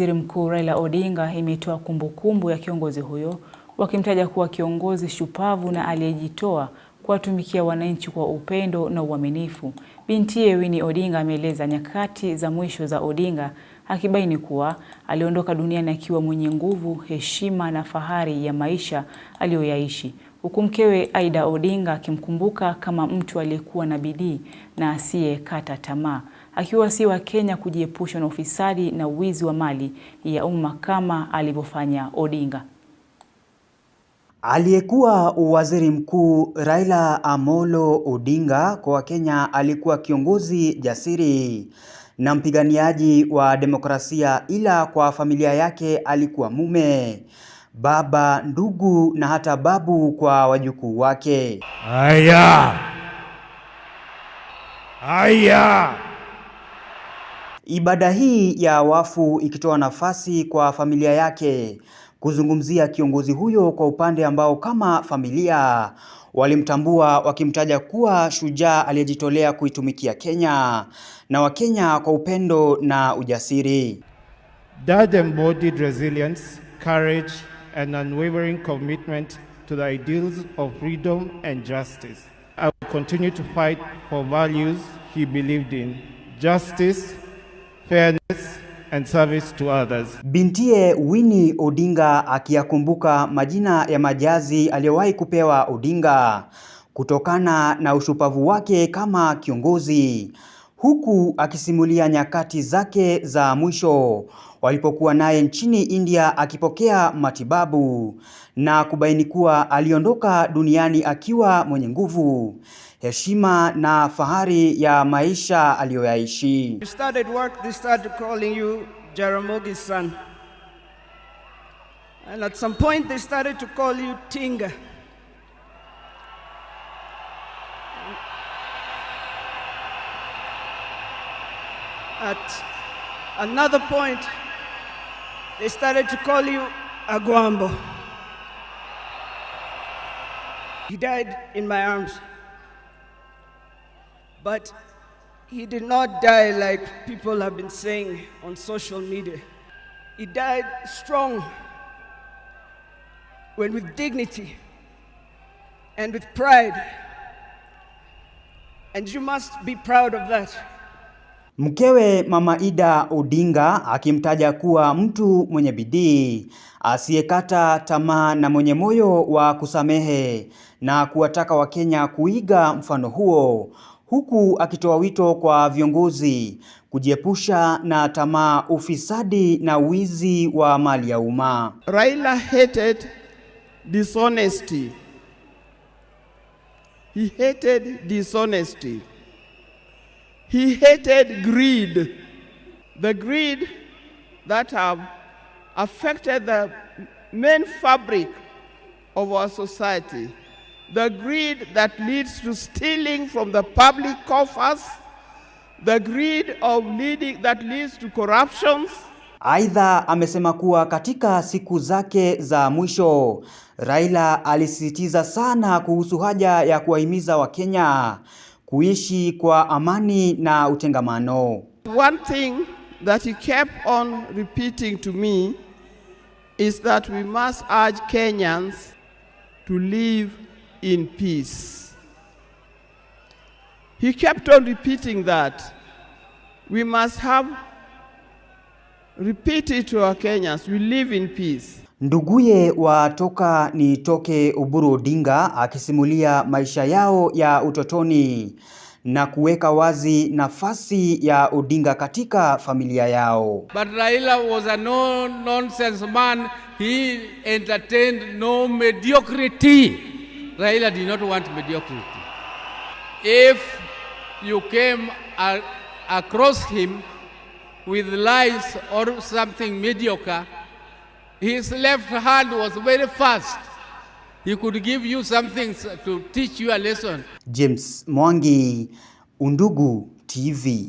Waziri Mkuu Raila Odinga imetoa kumbukumbu ya kiongozi huyo wakimtaja kuwa kiongozi shupavu na aliyejitoa kuwatumikia wananchi kwa upendo na uaminifu. Bintiye Winnie Odinga ameeleza nyakati za mwisho za Odinga akibaini kuwa aliondoka duniani akiwa mwenye nguvu, heshima na fahari ya maisha aliyoyaishi, huku mkewe aida Odinga akimkumbuka kama mtu aliyekuwa na bidii na asiyekata tamaa akiwa si wa Kenya kujiepusha na ufisadi na uwizi wa mali ya umma kama alivyofanya Odinga. Aliyekuwa waziri mkuu Raila Amolo Odinga kwa Wakenya alikuwa kiongozi jasiri na mpiganiaji wa demokrasia, ila kwa familia yake alikuwa mume, baba, ndugu na hata babu kwa wajukuu wake. Aya. Aya. Ibada hii ya wafu ikitoa nafasi kwa familia yake kuzungumzia kiongozi huyo kwa upande ambao kama familia walimtambua wakimtaja kuwa shujaa aliyejitolea kuitumikia Kenya na Wakenya kwa upendo na ujasiri. Dad embodied resilience, courage and unwavering commitment to the ideals of freedom and justice. I will continue to fight for values he believed in. Justice fairness and service to others. Bintie Winnie Odinga akiyakumbuka majina ya majazi aliyowahi kupewa Odinga kutokana na ushupavu wake kama kiongozi huku akisimulia nyakati zake za mwisho walipokuwa naye nchini India akipokea matibabu na kubaini kuwa aliondoka duniani akiwa mwenye nguvu, heshima na fahari ya maisha aliyoyaishi. At some point they started to call you Tinga. at another point, they started to call you Aguambo. He died in my arms. But he did not die like people have been saying on social media. He died strong, when with dignity and with pride. And you must be proud of that. Mkewe Mama Ida Odinga akimtaja kuwa mtu mwenye bidii, asiyekata tamaa na mwenye moyo wa kusamehe na kuwataka Wakenya kuiga mfano huo huku akitoa wito kwa viongozi kujiepusha na tamaa, ufisadi na wizi wa mali ya umma. Raila hated dishonesty. He hated dishonesty. He hated greed, the greed that have affected the main fabric of our society, the greed that leads to stealing from the public coffers, the greed of leading that leads to corruptions. Aidha, amesema kuwa katika siku zake za mwisho Raila alisisitiza sana kuhusu haja ya kuwahimiza Wakenya kuishi kwa amani na utengamano. One thing that he kept on repeating to me is that we must urge Kenyans to live in peace. He kept on repeating that. We must have repeated to our Kenyans, we live in peace. Nduguye wa toka ni toke Oburu Odinga akisimulia maisha yao ya utotoni na kuweka wazi nafasi ya Odinga katika familia yao. But Raila was a no nonsense man. He entertained no mediocrity. Raila did not want mediocrity. If you came across him with lies or something mediocre, His left hand was very fast. He could give you something to teach you a lesson. James Mwangi, Undugu TV.